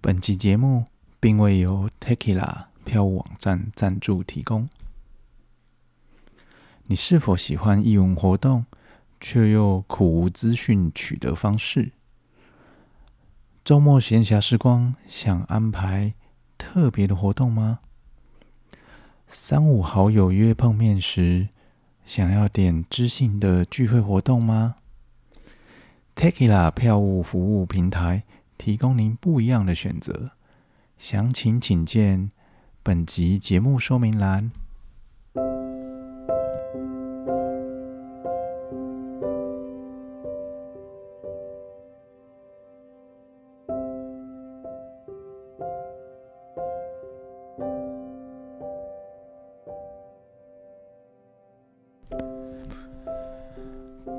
本期節目並未由 Taketla 票務網站贊助提供。你是否喜歡藝文活動，卻又苦無資訊取得方式？周末閒暇時光，想安排特別的活動嗎？三五好友約碰面時，想要點知性的聚會活動嗎？Taketla 票務服務平台。提供您不一樣的選擇。詳情請見本集節目說明欄。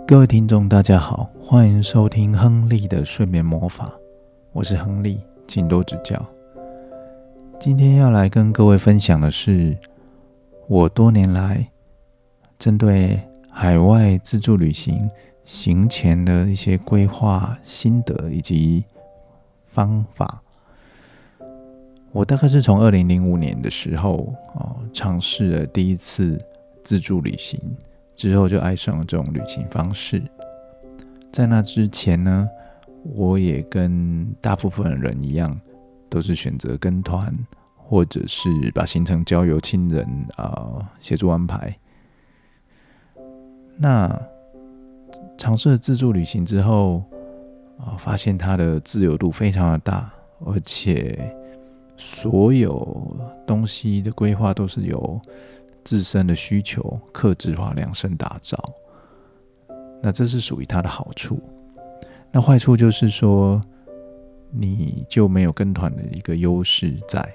各位聽眾，大家好，歡迎收聽《亨利的睡眠魔法》。我是亨利，請多指教。今天要來跟各位分享的是，我多年來針對海外自助旅行行前的一些規劃心得以及方法。我大概是從二零零五年的時候哦，嘗試了第一次自助旅行，之後就愛上了這種旅行方式。在那之前呢，我也跟大部分人一樣，都是選擇跟團，或者是把行程交由親人啊、呃、協助安排。那嘗試了自助旅行之後，啊、呃，發現它的自由度非常的大，而且所有東西的規劃都是由自身的需求、客製化量身打造。那這是屬於它的好處。那壞處就是說，你就沒有跟團的一個優勢在，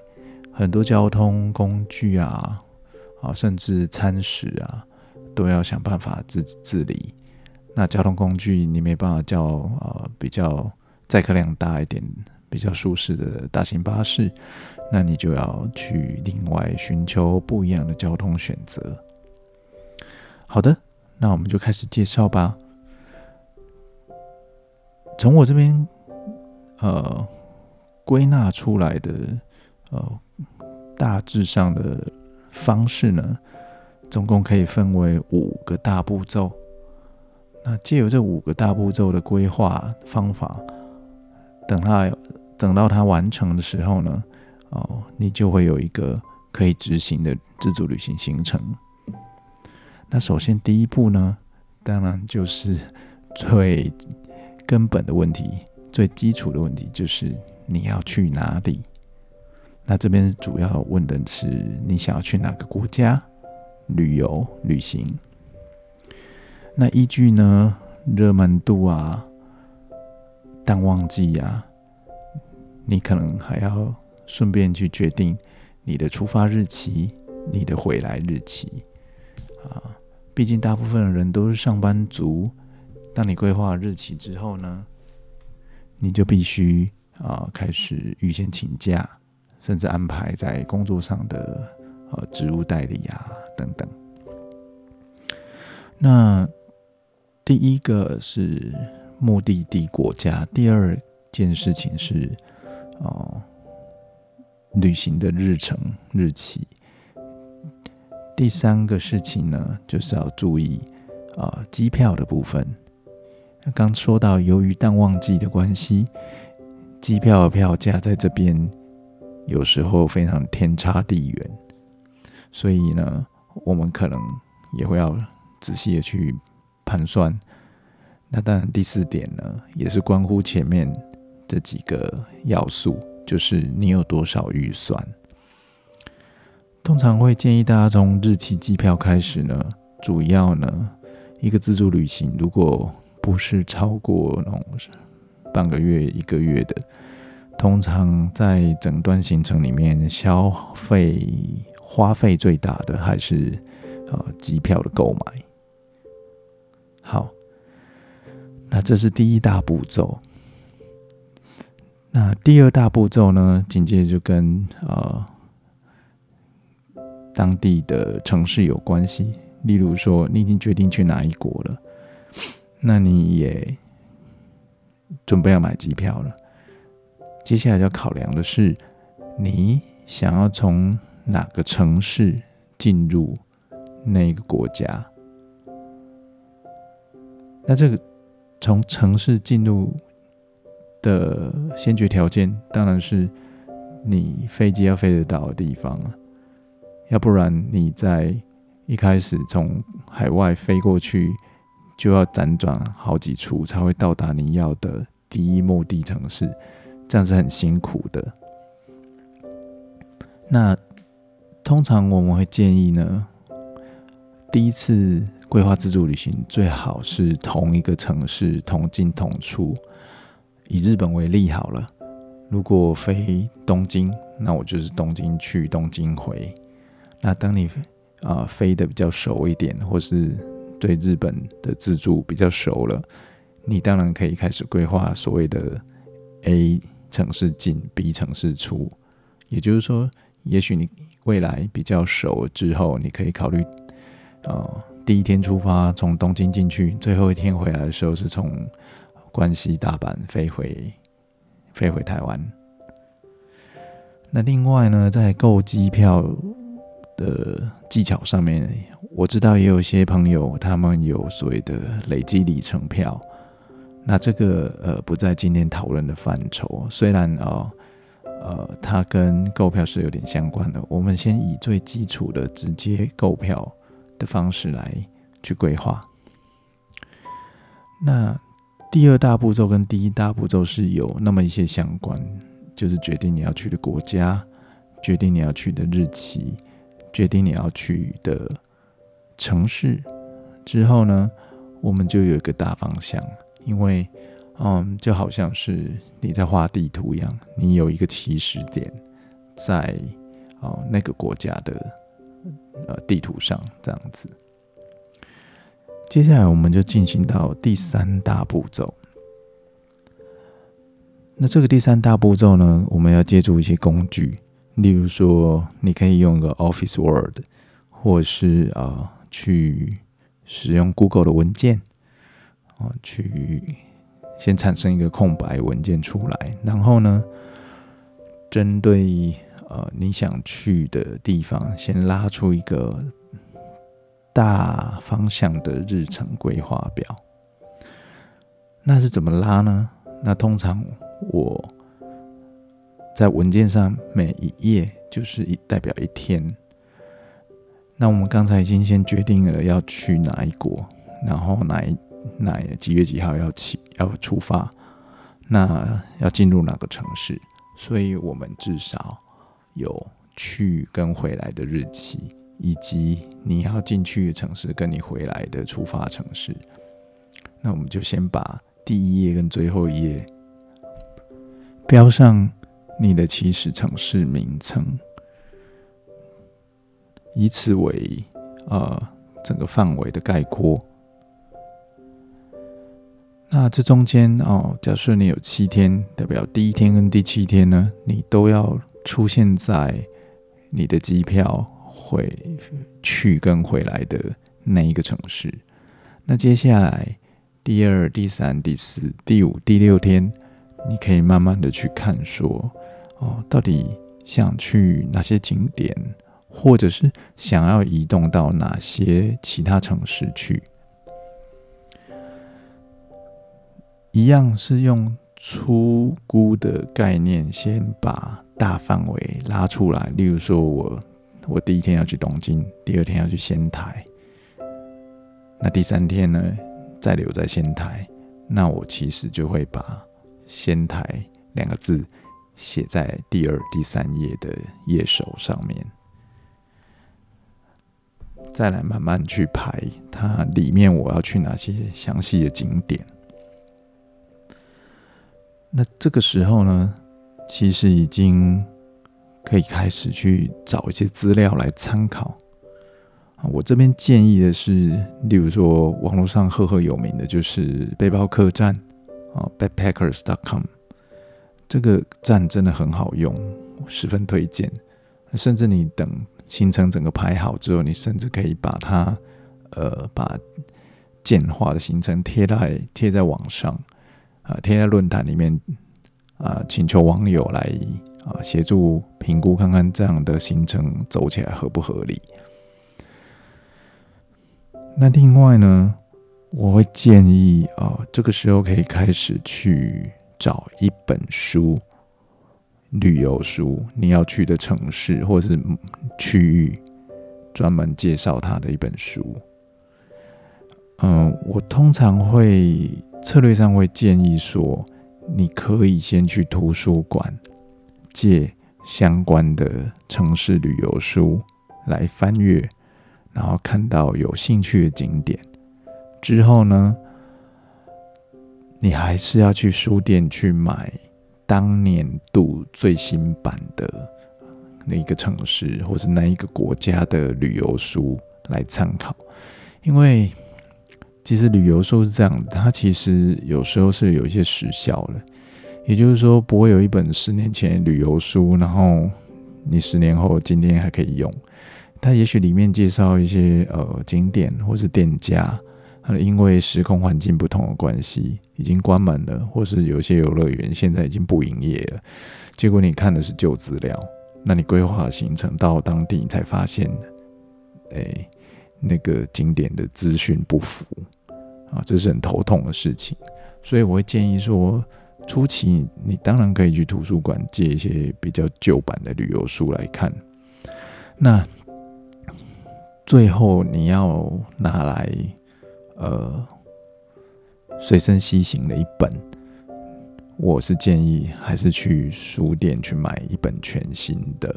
很多交通工具啊，啊，甚至餐食啊，都要想辦法自自理。那交通工具你沒辦法叫呃比較載客量大一點、比較舒適的大型巴士，那你就要去另外尋求不一樣的交通選擇。好的，那我們就開始介紹吧。從我這邊，呃，歸納出來的呃大致上的方式呢，總共可以分為五個大步驟。那借由這五個大步驟的規劃方法，等它等到它完成的時候呢，哦、呃，你就會有一個可以執行的自助旅行行程。那首先第一步呢，當然就是最。根本的問題，最基礎的問題就是你要去哪裡。那這邊主要問的是你想要去哪個國家旅遊旅行？那依據呢，熱門度啊，淡旺季呀、啊，你可能還要順便去決定你的出發日期、你的回來日期啊。畢竟大部分的人都是上班族。當你規劃日期之後呢，你就必須啊、呃、開始預先請假，甚至安排在工作上的呃職務代理啊等等。那第一個是目的地國家，第二件事情是哦、呃、旅行的日程日期，第三個事情呢，就是要注意啊、呃、機票的部分。那剛說到，由於淡旺季的關係，機票的票價在這邊有時候非常天差地遠，所以呢，我們可能也會要仔細的去盤算。那當然，第四點呢，也是關乎前面這幾個要素，就是你有多少預算。通常會建議大家從日期機票開始呢，主要呢，一個自助旅行如果不是超過那種半個月、一個月的，通常在整段行程裡面，消費花費最大的還是、呃、機票的購買。好，那這是第一大步驟。那第二大步驟呢，緊接着就跟呃當地的城市有關係。例如說，你已經決定去哪一國了。那你也準備要買機票了。接下來要考量的是，你想要從哪個城市進入那個國家？那這個從城市進入的先決條件，當然是你飛機要飛得到的地方啊。要不然你在一開始從海外飛過去。就要輾轉好幾處才會到達你要的第一目的城市，這樣是很辛苦的。那通常我們會建議呢，第一次規劃自助旅行最好是同一個城市同進同出。以日本為例好了，如果飛東京，那我就是東京去東京回。那當你啊、呃、飛得比較熟一點，或是對日本的自助比較熟了，你當然可以開始規劃所謂的 A 城市進，B 城市出，也就是說，也許你未來比較熟之後，你可以考慮啊，第一天出發從東京進去，最後一天回來的時候是從關西大阪飛回飛回台灣。那另外呢，在購機票的技巧上面，我知道也有些朋友他們有所謂的累積里程票，那這個呃不在今天討論的範疇。雖然啊、哦、呃，它跟購票是有點相關的。我們先以最基礎的直接購票的方式來去規劃。那第二大步驟跟第一大步驟是有那麼一些相關，就是決定你要去的國家，決定你要去的日期。決定你要去的城市之後呢，我們就有一個大方向，因為，嗯，就好像是你在畫地圖一樣，你有一個起始點在哦、嗯、那個國家的呃地圖上這樣子。接下來我們就進行到第三大步驟。那這個第三大步驟呢，我們要借助一些工具。例如說，你可以用個 Office Word，或是啊、呃，去使用 Google 的文件，啊、呃，去先產生一個空白文件出來，然後呢，針對呃你想去的地方，先拉出一個大方向的日程規劃表。那是怎麼拉呢？那通常我。在文件上每一頁就是一代表一天。那我們剛才已經先決定了要去哪一國，然後哪一哪幾月幾號要起要出發，那要進入哪個城市？所以我們至少有去跟回來的日期，以及你要進去的城市跟你回來的出發城市。那我們就先把第一頁跟最後一頁標上。你的起始城市名稱，以此為呃整個範圍的概括。那這中間哦，假設你有七天，代表第一天跟第七天呢，你都要出現在你的機票會去跟回來的那一個城市。那接下來第二、第三、第四、第五、第六天，你可以慢慢的去看說。哦，到底想去哪些景點，或者是想要移動到哪些其他城市去？一樣是用粗估的概念，先把大範圍拉出來。例如說我，我我第一天要去東京，第二天要去仙台，那第三天呢，再留在仙台，那我其實就會把仙台兩個字。寫在第二、第三頁的頁首上面，再來慢慢去排它裡面我要去哪些詳細的景點。那這個時候呢，其實已經可以開始去找一些資料來參考。啊，我這邊建議的是，例如說網絡上赫赫有名的就是背包客棧啊，backpackers.com。這個站真的很好用，我十分推薦。甚至你等行程整個排好之後，你甚至可以把它，呃，把簡化的行程貼在貼在網上，啊、呃，貼在論壇裡面，啊、呃，請求網友來啊、呃、協助評估，看看這樣的行程走起來合不合理。那另外呢，我會建議啊、呃，這個時候可以開始去。找一本書，旅遊書，你要去的城市或是區域，專門介紹它的一本書。嗯，我通常會策略上會建議說，你可以先去圖書館借相關的城市旅遊書來翻閱，然後看到有興趣的景點之後呢，你還是要去書店去買當年度最新版的那一個城市或是那一個國家的旅遊書來參考，因為其實旅遊書是這樣的，它其實有時候是有一些時效的，也就是說不會有一本十年前的旅遊書，然後你十年後今天還可以用，它也許裡面介紹一些呃景點或是店家。因為時空環境不同的關係，已經關門了，或是有些遊樂園現在已經不營業了。結果你看的是舊資料，那你規劃行程到當地，你才發現，哎、欸，那個景點的資訊不符，啊，這是很頭痛的事情。所以我會建議說，初期你，你當然可以去圖書館借一些比較舊版的旅遊書來看。那最後你要拿來。呃，隨身攜行的一本，我是建議還是去書店去買一本全新的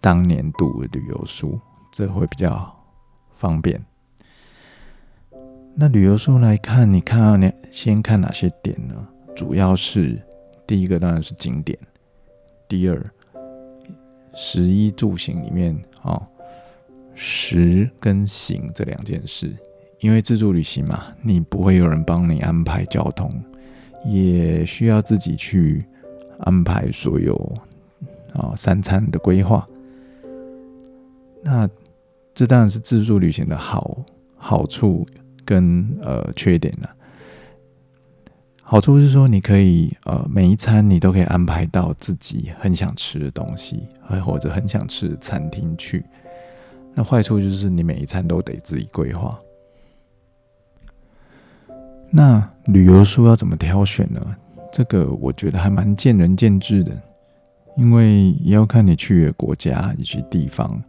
當年度旅遊書，這會比較方便。那旅遊書來看，你看、啊、你先看哪些點呢？主要是第一個當然是景點，第二，食衣住行裡面啊。哦食跟行這兩件事，因為自助旅行嘛，你不會有人幫你安排交通，也需要自己去安排所有啊三餐的規劃。那這當然是自助旅行的好好處跟呃缺點了啊。好處是說，你可以呃每一餐你都可以安排到自己很想吃的東西，或者很想吃的餐廳去。那壞處就是你每一餐都得自己規劃。那旅遊書要怎麼挑選呢？這個我覺得還蠻見仁見智的，因為也要看你去的國家以及地方，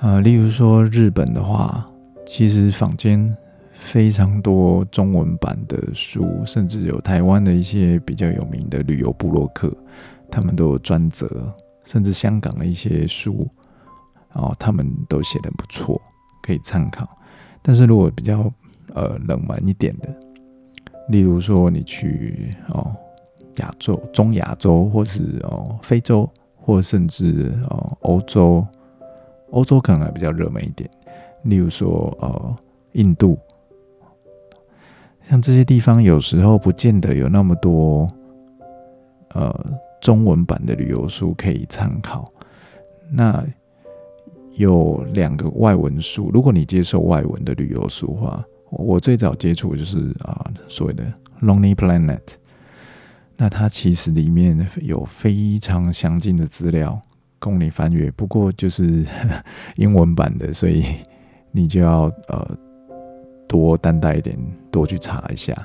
呃。啊，例如說日本的話，其實坊間非常多中文版的書，甚至有台灣的一些比較有名的旅遊部落客，他們都有專責，甚至香港的一些書。哦，他們都寫得不錯，可以參考。但是如果比較呃冷門一點的，例如說你去哦亞洲、中亞洲，或是哦非洲，或甚至哦歐洲，歐洲可能還比較熱門一點。例如說呃印度，像這些地方，有時候不見得有那麼多呃中文版的旅遊書可以參考。那。有兩個外文書，如果你接受外文的旅遊書的話，我最早接觸就是啊、呃、所謂的 Lonely Planet，那它其實裡面有非常詳盡的資料供你翻閱，不過就是呵呵英文版的，所以你就要呃多擔待一點，多去查一下，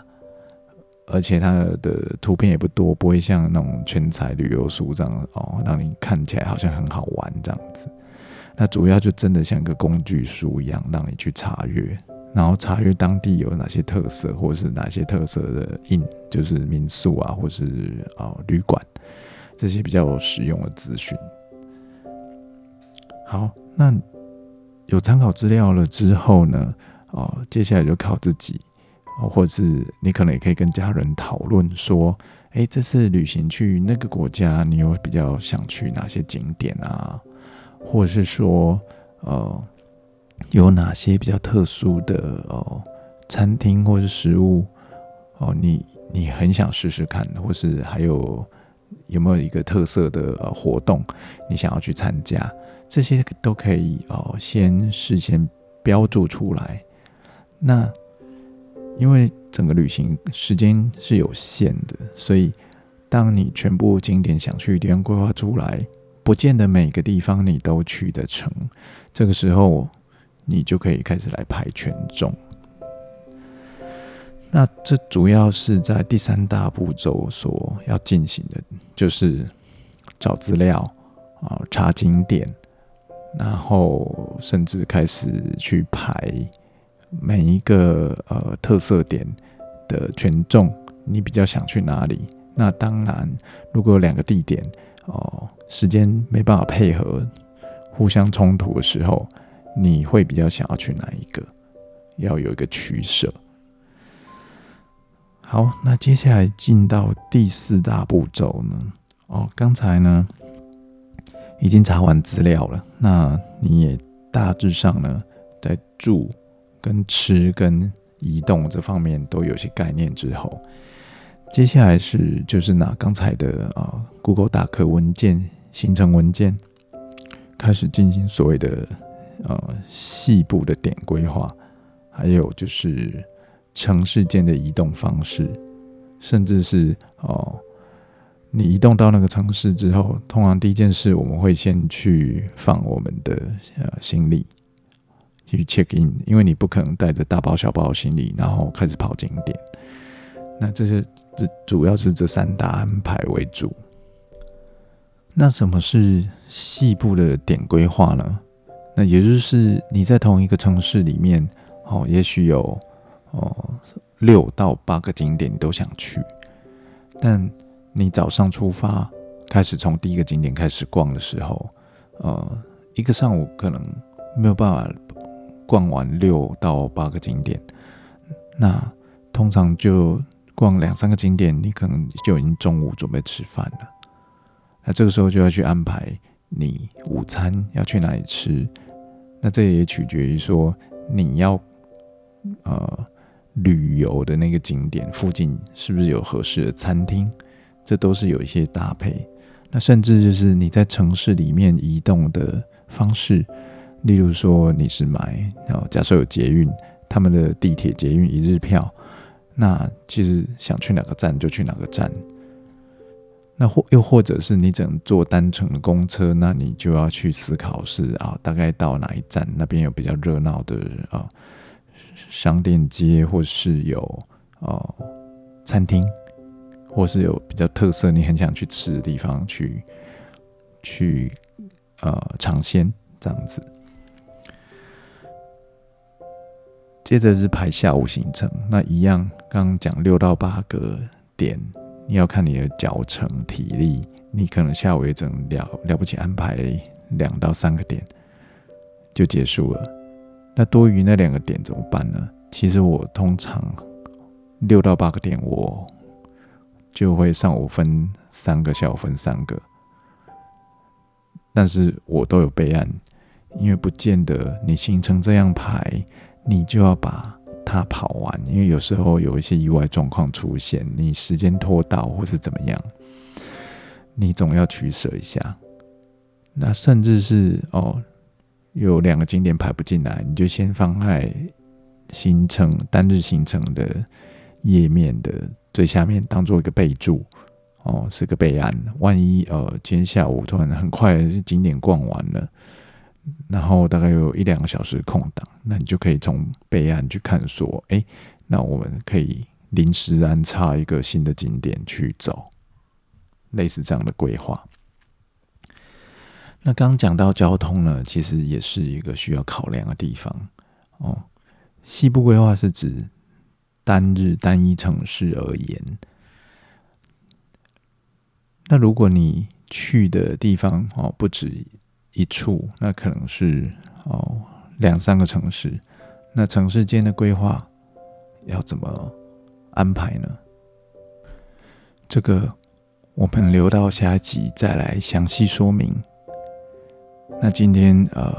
而且它的圖片也不多，不會像那種全彩旅遊書這樣哦，讓你看起來好像很好玩這樣子。那主要就真的像一個工具書一樣，讓你去查閱，然後查閱當地有哪些特色，或是哪些特色的印，就是民宿啊，或是啊、呃、旅館，這些比較實用的資訊。好，那有參考資料了之後呢，哦、呃，接下來就靠自己，或者是你可能也可以跟家人討論說，哎、欸，這次旅行去那個國家，你有比較想去哪些景點啊？或者是說，呃有哪些比較特殊的哦、呃、餐廳，或是食物哦、呃，你你很想試試看，或是還有有沒有一個特色的、呃、活動，你想要去參加，這些都可以哦、呃，先事先標注出來。那因為整個旅行時間是有限的，所以當你全部景點想去的地方規劃出來。不見得每個地方你都去得成，這個時候你就可以開始來排權重。那這主要是在第三大步驟所要進行的，就是找資料啊、哦，查景點，然後甚至開始去排每一個呃特色點的權重。你比較想去哪裡？那當然，如果有兩個地點哦。時間沒辦法配合，互相衝突的時候，你會比較想要去哪一個？要有一個取捨。好，那接下來進到第四大步驟呢？哦，剛才呢已經查完資料了，那你也大致上呢在住、跟吃、跟移動這方面都有些概念之後，接下來是就是拿剛才的啊、呃、Google 打客文件。行程文件，開始進行所謂的呃細部的點規劃，還有就是城市間的移動方式，甚至是哦、呃，你移動到那個城市之後，通常第一件事我們會先去放我們的呃行李，去 check in，因為你不可能帶着大包小包的行李然後開始跑景點。那這些這主要是這三大安排為主。那什麼是細部的點規劃呢？那也就是你在同一個城市裡面，哦，也許有哦六到八個景點你都想去，但你早上出發，開始從第一個景點開始逛的時候，呃，一個上午可能沒有辦法逛完六到八個景點，那通常就逛兩三個景點，你可能就已經中午準備吃飯了。那這個時候就要去安排你午餐要去哪裡吃，那這也取決於說你要，呃，旅遊的那個景點附近是不是有合適的餐廳，這都是有一些搭配。那甚至就是你在城市裡面移動的方式，例如說你是買，然後假設有捷運，他們的地鐵捷運一日票，那其實想去哪個站就去哪個站。那或又或者是你只能坐單程的公車，那你就要去思考是啊，大概到哪一站，那邊有比較熱鬧的啊商店街，或是有哦、啊、餐廳，或是有比較特色你很想去吃的地方去去呃嘗鮮這樣子。接着是排下午行程，那一樣剛剛講六到八個點。你要看你的腳程體力，你可能下午也只能了了不起安排兩到三個點就結束了。那多餘那兩個點怎麼辦呢？其實我通常六到八個點，我就會上午分三個，下午分三個。但是我都有備案，因為不見得你行程這樣排，你就要把。他跑完，因為有時候有一些意外狀況出現，你時間拖到或是怎麼樣，你總要取捨一下。那甚至是哦，有兩個景點排不進來，你就先放在行程單日行程的頁面的最下面，當做一個備註哦，是個備案。萬一呃，今天下午突然很快景點逛完了。然後大概有一兩個小時空檔，那你就可以從備案去看說，哎，那我們可以臨時安插一個新的景點去走，類似這樣的規劃。那剛剛講到交通呢，其實也是一個需要考量的地方哦。細部規劃是指單日單一城市而言，那如果你去的地方哦不止。一處，那可能是哦兩三個城市，那城市間的規劃要怎麼安排呢？這個我們留到下一集再來詳細說明。那今天呃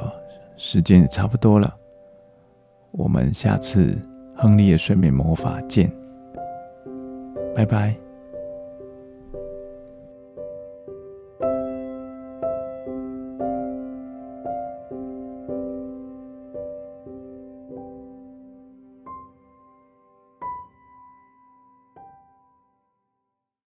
時間也差不多了，我們下次亨利的睡眠魔法見，拜拜。